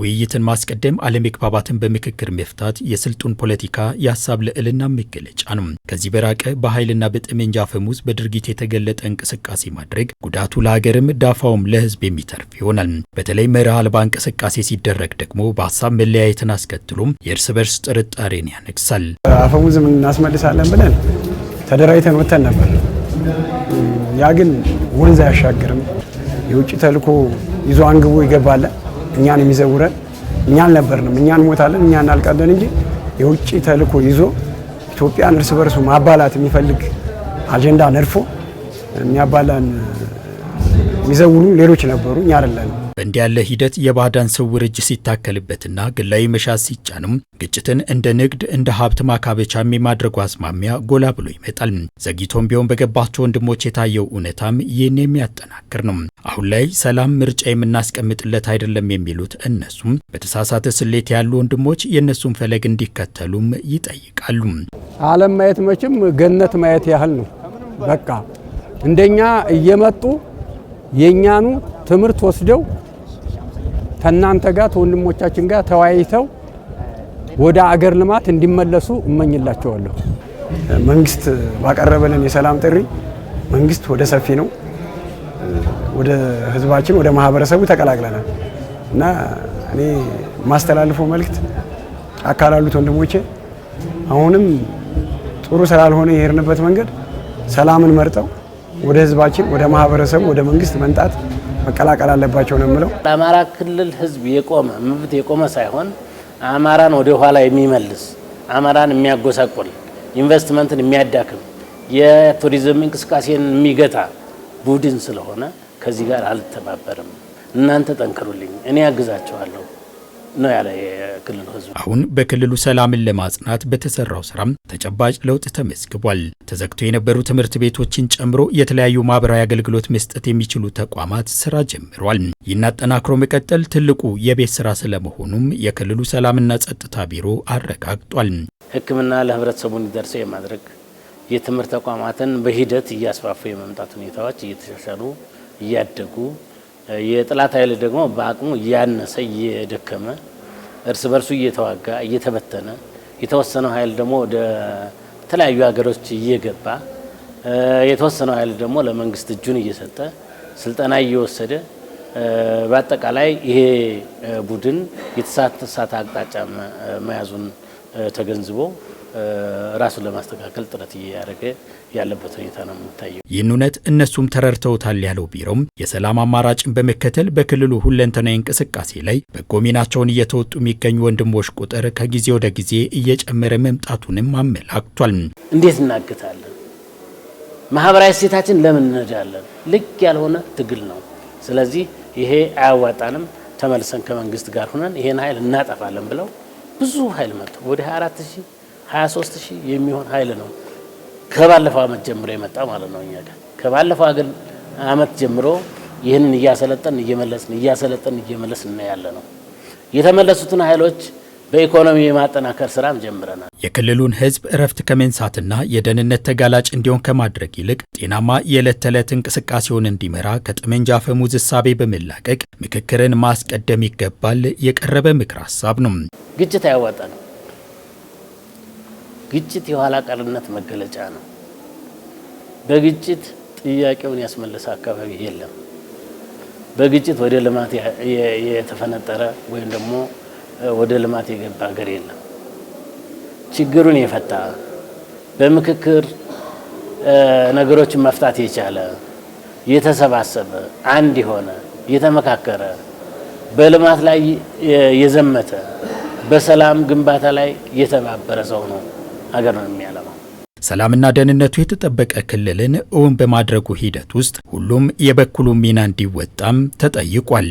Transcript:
ውይይትን ማስቀደም አለመግባባትን በምክክር መፍታት የስልጡን ፖለቲካ የሀሳብ ልዕልና መገለጫ ነው። ከዚህ በራቀ በኃይልና በጠመንጃ አፈሙዝ በድርጊት የተገለጠ እንቅስቃሴ ማድረግ ጉዳቱ ለሀገርም ዳፋውም ለህዝብ የሚተርፍ ይሆናል። በተለይ መርህ አልባ እንቅስቃሴ ሲደረግ ደግሞ በሀሳብ መለያየትን አስከትሎም የእርስ በርስ ጥርጣሬን ያነግሳል። አፈሙዝም እናስመልሳለን ብለን ተደራጅተን ወተን ነበር። ያ ግን ወንዝ አያሻግርም። የውጭ ተልኮ ይዞ አንግቦ ይገባለን እኛን የሚዘውረን እኛ አልነበርንም። እኛ እንሞታለን፣ እኛ እናልቃለን እንጂ የውጭ ተልዕኮ ይዞ ኢትዮጵያን እርስ በርሱ ማባላት የሚፈልግ አጀንዳ ነድፎ የሚያባላን የሚዘውሩ ሌሎች ነበሩ። እኛ አይደለንም። እንዲህ ያለ ሂደት የባዕዳን ስውር እጅ ሲታከልበትና ግላዊ መሻት ሲጫንም ግጭትን እንደ ንግድ እንደ ሀብት ማካበቻም የማድረጉ አዝማሚያ ጎላ ብሎ ይመጣል። ዘግይቶም ቢሆን በገባቸው ወንድሞች የታየው እውነታም ይህን የሚያጠናክር ነው። አሁን ላይ ሰላም ምርጫ የምናስቀምጥለት አይደለም የሚሉት እነሱም በተሳሳተ ስሌት ያሉ ወንድሞች የእነሱን ፈለግ እንዲከተሉም ይጠይቃሉ። ዓለም ማየት መቼም ገነት ማየት ያህል ነው። በቃ እንደኛ እየመጡ የእኛኑ ትምህርት ወስደው ከእናንተ ጋር ከወንድሞቻችን ጋር ተወያይተው ወደ አገር ልማት እንዲመለሱ እመኝላቸዋለሁ። መንግስት ባቀረበልን የሰላም ጥሪ መንግስት ወደ ሰፊ ነው ወደ ህዝባችን ወደ ማህበረሰቡ ተቀላቅለናል እና እኔ ማስተላልፈው መልእክት ጫካ ላሉት ወንድሞቼ አሁንም ጥሩ ስላልሆነ የሄድንበት መንገድ ሰላምን መርጠው ወደ ህዝባችን ወደ ማህበረሰቡ ወደ መንግስት መንጣት። መቀላቀል አለባቸው ነው የምለው። ለአማራ ክልል ህዝብ የቆመ መብት የቆመ ሳይሆን አማራን ወደ ኋላ የሚመልስ አማራን የሚያጎሳቆል ኢንቨስትመንትን የሚያዳክም የቱሪዝም እንቅስቃሴን የሚገታ ቡድን ስለሆነ ከዚህ ጋር አልተባበርም። እናንተ ጠንክሩልኝ፣ እኔ አግዛቸዋለሁ። ነው ያለ የክልሉ ህዝብ። አሁን በክልሉ ሰላምን ለማጽናት በተሰራው ስራም ተጨባጭ ለውጥ ተመዝግቧል። ተዘግቶ የነበሩ ትምህርት ቤቶችን ጨምሮ የተለያዩ ማህበራዊ አገልግሎት መስጠት የሚችሉ ተቋማት ስራ ጀምሯል። ይህን አጠናክሮ መቀጠል ትልቁ የቤት ስራ ስለመሆኑም የክልሉ ሰላምና ጸጥታ ቢሮ አረጋግጧል። ሕክምና ለህብረተሰቡ እንዲደርሰው የማድረግ የትምህርት ተቋማትን በሂደት እያስፋፉ የመምጣት ሁኔታዎች እየተሻሻሉ እያደጉ የጥላት ኃይል ደግሞ በአቅሙ እያነሰ እየደከመ እርስ በርሱ እየተዋጋ እየተበተነ የተወሰነው ኃይል ደግሞ ወደ ተለያዩ ሀገሮች እየገባ የተወሰነው ኃይል ደግሞ ለመንግስት እጁን እየሰጠ ስልጠና እየወሰደ በአጠቃላይ ይሄ ቡድን የተሳሳተ አቅጣጫ መያዙን ተገንዝቦ ራሱን ለማስተካከል ጥረት እያደረገ ያለበት ሁኔታ ነው የሚታየው። ይህን እውነት እነሱም ተረድተውታል ያለው ቢሮም የሰላም አማራጭን በመከተል በክልሉ ሁለንተናዊ እንቅስቃሴ ላይ በጎ ሚናቸውን እየተወጡ የሚገኙ ወንድሞች ቁጥር ከጊዜ ወደ ጊዜ እየጨመረ መምጣቱንም አመላክቷል። እንዴት እናግታለን? ማህበራዊ እሴታችን ለምን እንሄዳለን? ልክ ያልሆነ ትግል ነው። ስለዚህ ይሄ አያዋጣንም፣ ተመልሰን ከመንግስት ጋር ሁነን ይሄን ኃይል እናጠፋለን ብለው ብዙ ኃይል መጥቶ ወደ 24 ሺህ 23 ሺህ የሚሆን ኃይል ነው ከባለፈው አመት ጀምሮ የመጣ ማለት ነው። እኛ ጋር ከባለፈው አገል አመት ጀምሮ ይህንን እያሰለጠን እየመለስን እያሰለጠን እየመለስን ያለ ነው የተመለሱትን ኃይሎች በኢኮኖሚ የማጠናከር ስራም ጀምረናል። የክልሉን ህዝብ እረፍት ከመንሳትና የደህንነት ተጋላጭ እንዲሆን ከማድረግ ይልቅ ጤናማ የዕለት ተዕለት እንቅስቃሴውን እንዲመራ ከጠመንጃ አፈሙዝ እሳቤ በመላቀቅ ምክክርን ማስቀደም ይገባል የቀረበ ምክር ሀሳብ ነው። ግጭት ነው። ግጭት የኋላ ቀርነት መገለጫ ነው። በግጭት ጥያቄውን ያስመለሰ አካባቢ የለም። በግጭት ወደ ልማት የተፈነጠረ ወይም ደግሞ ወደ ልማት የገባ ሀገር የለም። ችግሩን የፈታ በምክክር ነገሮችን መፍታት የቻለ የተሰባሰበ አንድ የሆነ የተመካከረ በልማት ላይ የዘመተ በሰላም ግንባታ ላይ የተባበረ ሰው ነው ሀገር ነው የሚያለማው። ሰላምና ደህንነቱ የተጠበቀ ክልልን እውን በማድረጉ ሂደት ውስጥ ሁሉም የበኩሉ ሚና እንዲወጣም ተጠይቋል።